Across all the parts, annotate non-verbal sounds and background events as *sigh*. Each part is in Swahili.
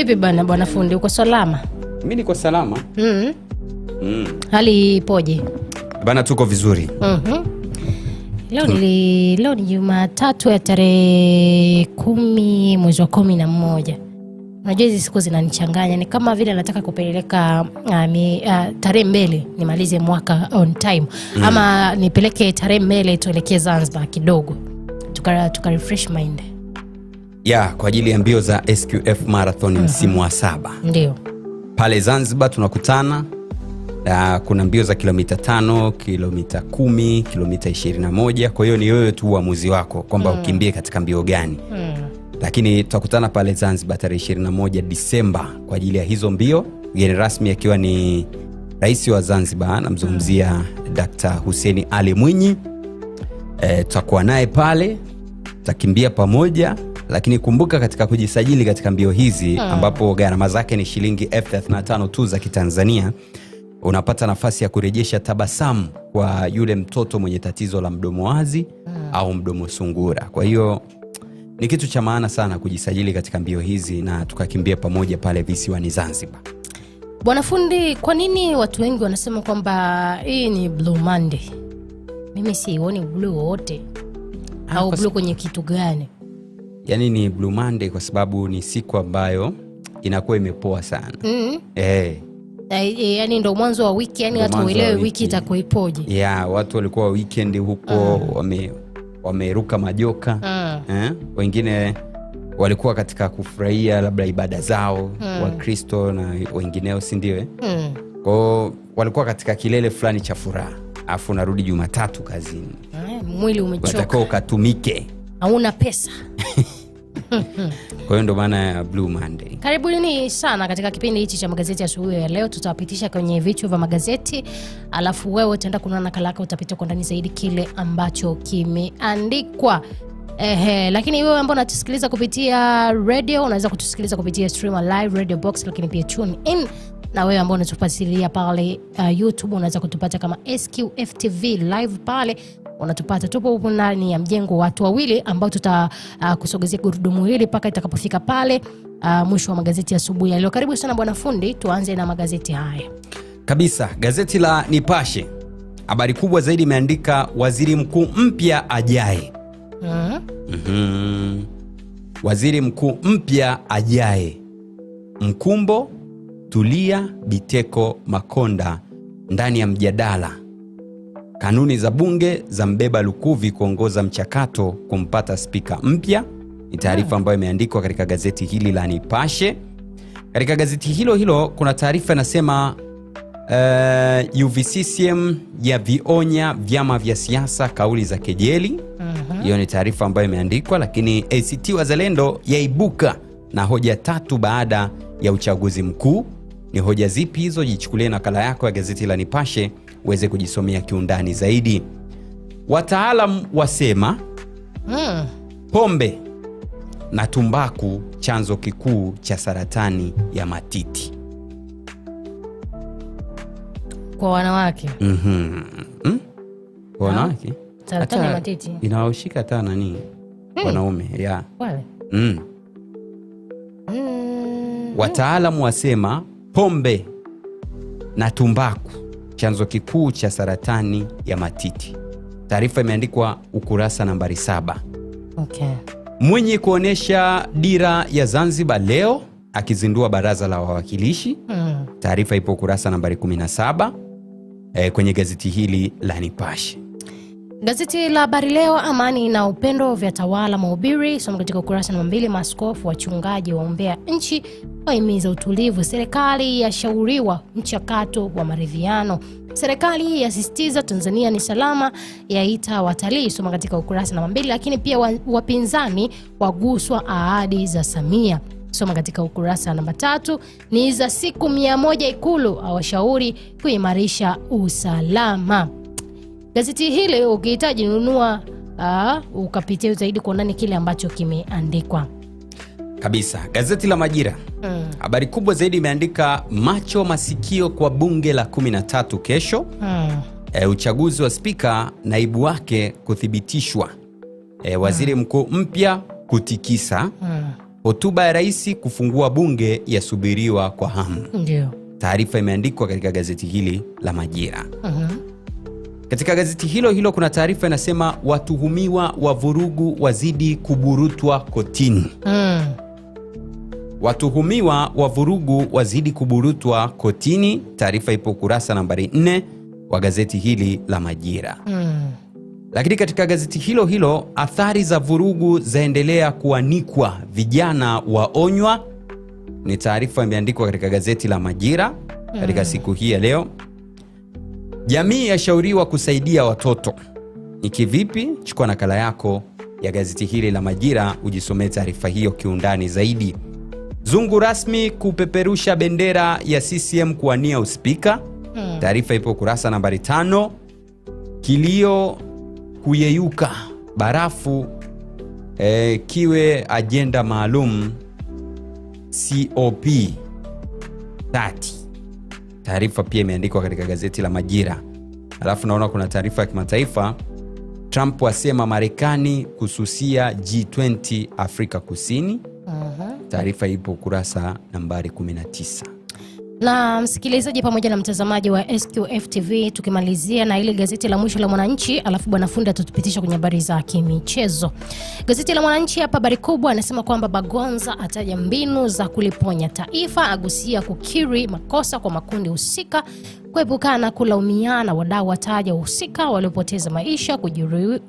Vipi bana, bwana fundi, uko salama? Mi niko salama. mm -hmm. mm. Hali ipoje bana? Tuko vizuri. Mhm. mm -hmm. Leo ni leo ni Jumatatu ya tarehe kumi mwezi wa kumi na mmoja. Unajua hizi siku zinanichanganya, ni kama vile nataka kupeleka uh, mi, uh, tarehe mbele nimalize mwaka on time mm. ama nipeleke tarehe mbele tuelekee Zanzibar kidogo tuka, tuka mind ya kwa ajili ya mbio za SQF Marathon mhm. msimu wa saba. Ndio. Pale Zanzibar tunakutana na kuna mbio za kilomita tano, kilomita kumi, kilomita ishirini na moja. Kwa hiyo ni wewe tu uamuzi wako kwamba mm. ukimbie katika mbio gani mm. lakini tutakutana pale Zanzibar tarehe 21 Disemba kwa ajili ya hizo mbio, mgeni rasmi akiwa ni Rais wa Zanzibar anamzungumzia mm. Dr. huseni Ali Mwinyi. E, tutakuwa naye pale, tutakimbia pamoja lakini kumbuka katika kujisajili katika mbio hizi hmm. ambapo gharama zake ni shilingi 35 tu za kitanzania unapata nafasi ya kurejesha tabasamu kwa yule mtoto mwenye tatizo la mdomo wazi hmm. au mdomo sungura kwa hiyo ni kitu cha maana sana kujisajili katika mbio hizi na tukakimbia pamoja pale visiwani zanzibar bwana fundi kwa nini watu wengi wanasema kwamba hii ni blue monday mimi siioni blue wowote ah, au blue kwenye kitu gani yani ni Blue Monday kwa sababu ni siku ambayo inakuwa imepoa sana mm -hmm. eh. Yani ndo mwanzo wa wiki, yani hata uelewe wiki itakuipoje. Yeah, watu walikuwa weekend huko uh. Ah. huh wameruka majoka uh. eh? wengine walikuwa katika kufurahia labda ibada zao mm. Wakristo na wengineo, si ndio? huh eh? hmm. Kwao walikuwa katika kilele fulani cha furaha, alafu unarudi Jumatatu kazini, ah, mwili umechoka, unatakiwa ukatumike hauna pesa *laughs* kwahiyo ndo maana ya Blue Monday. Karibuni sana katika kipindi hichi cha magazeti asubuhi ya leo. Tutawapitisha kwenye vichwa vya magazeti, alafu wewe utaenda kununua nakala yako, utapita kwa ndani zaidi kile ambacho kimeandikwa. Ehe, lakini wewe ambao unatusikiliza kupitia radio unaweza kutusikiliza kupitia streamer live radio box, lakini pia tune in na wewe ambao unatufuatilia pale uh, YouTube unaweza kutupata kama SQF TV live pale unatupata tupo huko ndani ya mjengo watu wawili ambao tutakusogezea uh, gurudumu hili mpaka itakapofika pale uh, mwisho wa magazeti asubuhi ya, leo. Karibu sana bwana fundi, tuanze na magazeti haya kabisa. Gazeti la Nipashe habari kubwa zaidi imeandika waziri mkuu mpya ajaye. mm. mm -hmm. Waziri mkuu mpya ajaye Mkumbo Tulia Biteko Makonda ndani ya mjadala kanuni za bunge za mbeba Lukuvi kuongoza mchakato kumpata spika mpya. Ni taarifa ambayo imeandikwa katika gazeti hili la Nipashe. Katika gazeti hilo hilo kuna taarifa inasema uh, eh, UVCCM yavionya vyama vya siasa kauli za kejeli. Mhm. Hiyo uh -huh. ni taarifa ambayo imeandikwa, lakini ACT Wazalendo yaibuka na hoja tatu baada ya uchaguzi mkuu. Ni hoja zipi hizo? Jichukulie nakala yako ya gazeti la Nipashe uweze kujisomea kiundani zaidi. Wataalam wasema mm, pombe na tumbaku chanzo kikuu cha saratani ya matiti kwa wanawake. mm -hmm. mm? Kwa ah, wanawake inawashika hata nani? mm. Wanaume yeah. Mm. Mm. Wataalamu wasema pombe na tumbaku chanzo kikuu cha saratani ya matiti. Taarifa imeandikwa ukurasa nambari saba. Okay. Mwinyi kuonyesha dira ya Zanzibar leo akizindua baraza la wawakilishi mm. Taarifa ipo ukurasa nambari 17 e, eh, kwenye gazeti hili la Nipashe. Gazeti la Habari Leo, amani na upendo vya tawala mahubiri, somo katika ukurasa namba mbili. Maaskofu wachungaji waombea nchi, wahimiza utulivu. Serikali yashauriwa mchakato wa maridhiano. Serikali yasisitiza Tanzania ni salama, yaita watalii, soma katika ukurasa namba mbili. Lakini pia wapinzani waguswa ahadi za Samia soma katika ukurasa namba tatu. Ni za siku mia moja Ikulu awashauri kuimarisha usalama. Gazeti hili ukihitaji nunua, uh, ukapitia zaidi kuona ni kile ambacho kimeandikwa kabisa. Gazeti la Majira mm. habari mm. kubwa zaidi imeandika macho masikio kwa bunge la 13 kesho mm. E, uchaguzi wa spika naibu wake kuthibitishwa, e, waziri mm. mkuu mpya kutikisa, mm. hotuba mm. ya rais kufungua bunge yasubiriwa kwa hamu. taarifa imeandikwa katika gazeti hili la Majira. mm -hmm. Katika gazeti hilo hilo kuna taarifa inasema watuhumiwa wa vurugu wazidi kuburutwa kotini. Mm. Watuhumiwa wa vurugu wazidi kuburutwa kotini. Taarifa ipo kurasa nambari 4 wa gazeti hili la Majira. Mm. Lakini katika gazeti hilo hilo athari za vurugu zaendelea kuanikwa, vijana waonywa, ni taarifa imeandikwa katika gazeti la Majira katika mm. siku hii ya leo. Jamii yashauriwa kusaidia watoto ni kivipi? Chukua nakala yako ya gazeti hili la Majira ujisomee taarifa hiyo kiundani zaidi. Zungu rasmi kupeperusha bendera ya CCM kuwania uspika hmm. Taarifa ipo kurasa nambari tano. Kilio kuyeyuka barafu eh, kiwe ajenda maalum COP taarifa pia imeandikwa katika gazeti la Majira. Alafu naona kuna taarifa ya kimataifa, Trump asema Marekani kususia G20 Afrika Kusini. Taarifa ipo kurasa nambari 19 na msikilizaji pamoja na mtazamaji wa SQF TV, tukimalizia na ile gazeti la mwisho la Mwananchi, alafu bwana fundi atatupitisha kwenye habari za kimichezo. Gazeti la Mwananchi hapa habari kubwa anasema kwamba Bagonza ataja mbinu za kuliponya taifa, agusia kukiri makosa kwa makundi husika, Kuepukana na kulaumiana, wadau wataja wahusika waliopoteza maisha,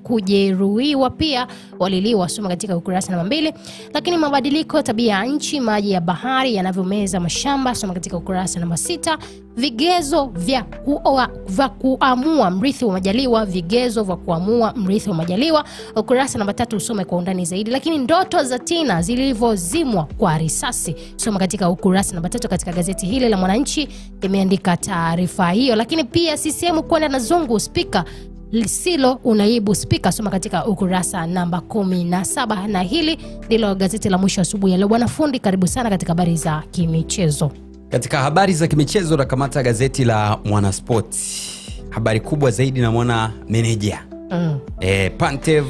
kujeruhiwa, pia waliliwa. Soma katika ukurasa namba mbili. Lakini mabadiliko ya tabia ya nchi, maji ya bahari yanavyomeza mashamba. Soma katika ukurasa namba sita. Vigezo vya, kuoa, vya kuamua mrithi wa Majaliwa. Vigezo vya kuamua mrithi wa Majaliwa, ukurasa namba tatu, usome kwa undani zaidi. Lakini ndoto za Tina zilivyozimwa kwa risasi, soma katika ukurasa namba tatu katika gazeti hili la Mwananchi, imeandika taarifa hiyo. Lakini pia CCM kwenda na Zungu, spika lisilo unaibu spika, soma katika ukurasa namba 17. Na hili ndilo gazeti la mwisho asubuhi ya leo. Bwana fundi, karibu sana katika habari za kimichezo. Katika habari za kimichezo nakamata gazeti la Mwanaspoti, habari kubwa zaidi namwona meneja mm. e, Pantev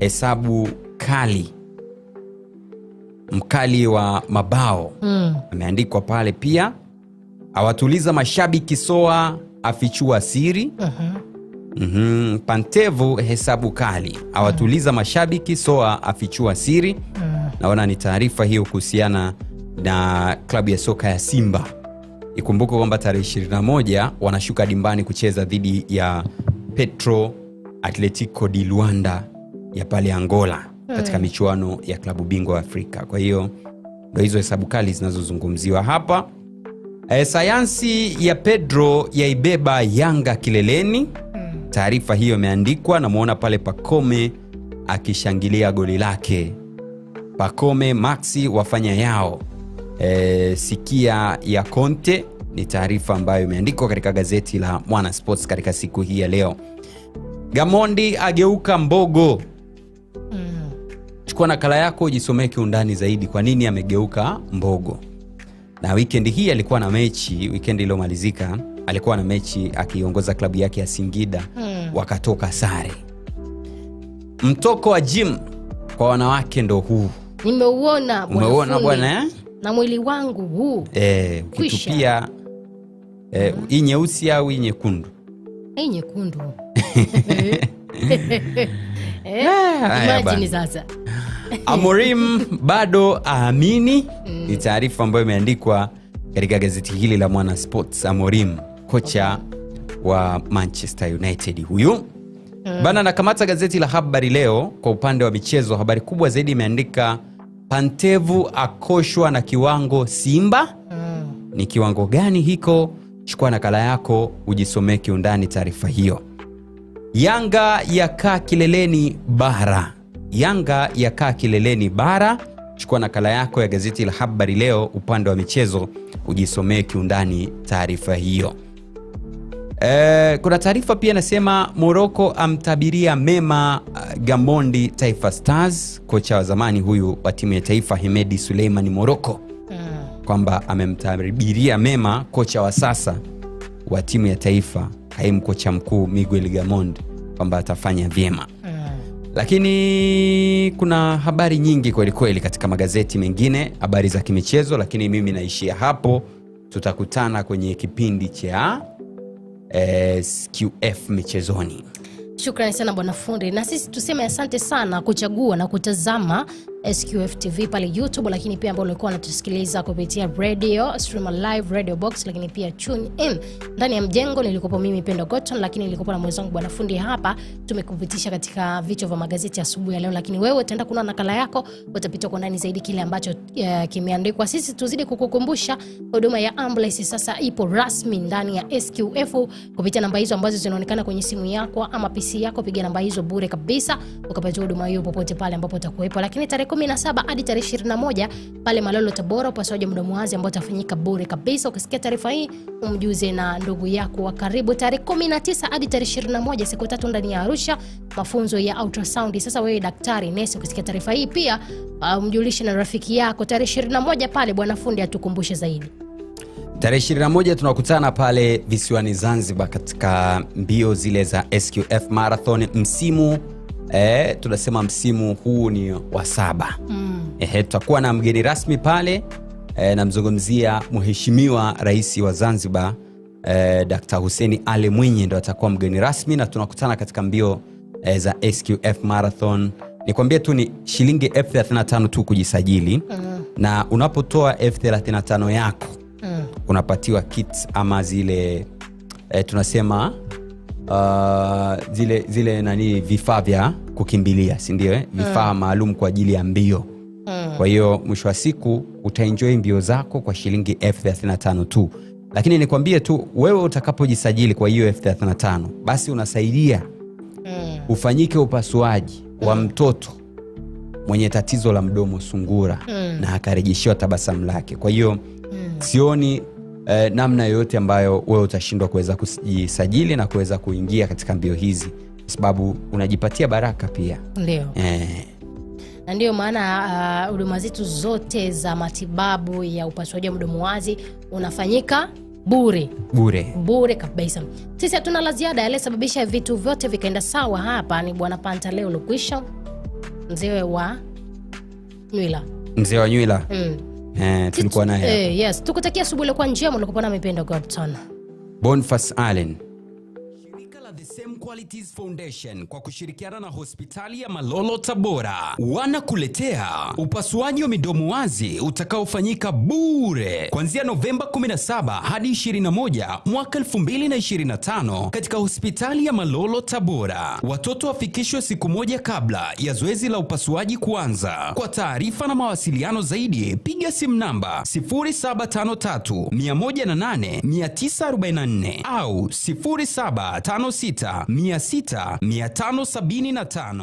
hesabu kali mkali wa mabao mm. ameandikwa pale pia, awatuliza mashabiki soa afichua siri uh-huh. Mm-hmm. Mm -hmm. Pantevu hesabu kali awatuliza mashabiki soa afichua siri uh-huh. Naona ni taarifa hiyo kuhusiana na klabu ya soka ya Simba. Ikumbuke kwamba tarehe 21 wanashuka dimbani kucheza dhidi ya Petro Atletico di Luanda ya pale Angola katika hmm, michuano ya klabu bingwa Afrika. Kwa hiyo ndo hizo hesabu kali zinazozungumziwa hapa. E, sayansi ya Pedro yaibeba Yanga kileleni. Hmm. Taarifa hiyo imeandikwa, namwona pale Pacome akishangilia goli lake. Pacome Maxi wafanya yao E, sikia ya konte ni taarifa ambayo imeandikwa katika gazeti la Mwana Sports katika siku hii ya leo. Gamondi ageuka mbogo. Mm. Chukua nakala yako ujisomee kiundani zaidi kwa nini amegeuka mbogo. Na wikendi hii alikuwa na mechi, wikendi iliyomalizika alikuwa na mechi akiongoza klabu yake ya Singida mm. wakatoka sare. Mtoko wa jim kwa wanawake ndo huu. Nimeuona bwana na mwili wangu huu eh, ukitupia eh, mhm. hii nyeusi au hii nyekundu? Hii nyekundu. *laughs* *laughs* Eh, ah, imagine sasa. *laughs* Amorim bado aamini mm. Ni taarifa ambayo imeandikwa katika gazeti hili la Mwana Sports. Amorim kocha okay. wa Manchester United huyu mm. Bana anakamata gazeti la Habari Leo. Kwa upande wa michezo, habari kubwa zaidi imeandika Pantevu akoshwa na kiwango Simba. Mm. Ni kiwango gani hiko? Chukua nakala yako ujisomee kiundani taarifa hiyo. Yanga yakaa kileleni bara. Yanga yakaa kileleni bara. Chukua nakala yako ya gazeti la Habari Leo upande wa michezo ujisomee kiundani taarifa hiyo. E, kuna taarifa pia nasema Moroko amtabiria mema eh, gambondi Gamondi Taifa Stars, kocha wa zamani huyu wa timu ya taifa himedi Suleiman Moroko mm. kwamba amemtabiria mema kocha wa sasa wa timu ya taifa kaimu kocha mkuu Miguel Gamond kwamba atafanya vyema mm. lakini kuna habari nyingi kwelikweli katika magazeti mengine, habari za kimichezo, lakini mimi naishia hapo. Tutakutana kwenye kipindi cha eh, QF michezoni. Shukrani sana bwana fundi, na sisi tuseme asante sana kuchagua na kutazama SQF TV pale YouTube, lakini pia ambao ulikuwa unatusikiliza kupitia radio stream live, radio box, lakini pia tune in ndani ya mjengo. nilikopo mimi Pendo Goton, lakini nilikopo na mwenzangu Bwana Fundi hapa. Tumekupitisha katika vichwa vya magazeti asubuhi ya leo, lakini wewe utaenda kuna nakala yako, utapita kwa ndani zaidi kile ambacho e, kimeandikwa. Sisi tuzidi kukukumbusha huduma ya ambulance sasa ipo rasmi ndani ya SQF kupitia namba hizo ambazo zinaonekana kwenye simu yako ama PC yako, piga namba hizo bure kabisa ukapata huduma hiyo popote pale ambapo utakuwepo, lakini tarehe 17 hadi tarehe 21 pale Malolo Tabora, upasuaji wa mdomo wazi ambao utafanyika bure kabisa. Ukisikia taarifa hii umjuze na ndugu yako wa karibu. Tarehe 19 hadi tarehe 21, siku tatu ndani ya Arusha, mafunzo ya ultrasound. Sasa wewe daktari, nesi, ukisikia taarifa hii pia umjulishe uh, na rafiki yako. Tarehe 21 pale bwana fundi atukumbushe zaidi. Tarehe 21 tunakutana pale visiwani Zanzibar katika mbio zile za SQF Marathon msimu eh, tunasema msimu huu ni wa saba mm. eh, tutakuwa na mgeni rasmi pale eh, namzungumzia mheshimiwa rais wa Zanzibar eh, Dkt. huseni Ali Mwinyi ndo atakuwa mgeni rasmi na tunakutana katika mbio eh, za SQF Marathon. kuambia tu ni shilingi elfu 35 tu kujisajili mm. na unapotoa elfu 35 yako mm. unapatiwa kit ama zile eh, tunasema uh, zile zile nani vifaa vya kukimbilia si ndio eh? Hmm. vifaa mm. maalum kwa ajili ya mbio mm. kwa hiyo mwisho wa siku utaenjoy mbio zako kwa shilingi f 35 tu lakini nikwambie tu wewe utakapojisajili kwa hiyo 35 basi unasaidia mm. ufanyike upasuaji mm. wa hmm. mtoto mwenye tatizo la mdomo sungura mm. na akarejeshiwa tabasamu lake kwa hiyo mm. sioni eh, namna yoyote ambayo wewe utashindwa kuweza kujisajili na kuweza kuingia katika mbio hizi kwa sababu unajipatia baraka pia ndio eh. na ndiyo maana ah, huduma uh, zetu zote za matibabu ya upasuaji wa mdomo wazi unafanyika bure bure bure kabisa sisi hatuna la ziada yaliyesababisha vitu vyote vikaenda sawa hapa ni bwana panta leo lukwisha mzee wa nywila mzee wa nywila mm eh, tulikuwa naye eh, Tukutakia asubuhi ilikuwa njema, ulikuwa na mipendo God sana. Boniface Allen Qualities Foundation kwa kushirikiana na hospitali ya Malolo Tabora wanakuletea upasuaji wa midomo wazi utakaofanyika bure kuanzia Novemba 17 hadi 21 mwaka 2025 katika hospitali ya Malolo Tabora. Watoto wafikishwe siku moja kabla ya zoezi la upasuaji kuanza. Kwa taarifa na mawasiliano zaidi, piga simu namba 0753 108 944 au 0756 mia mia sita tano sabini na tano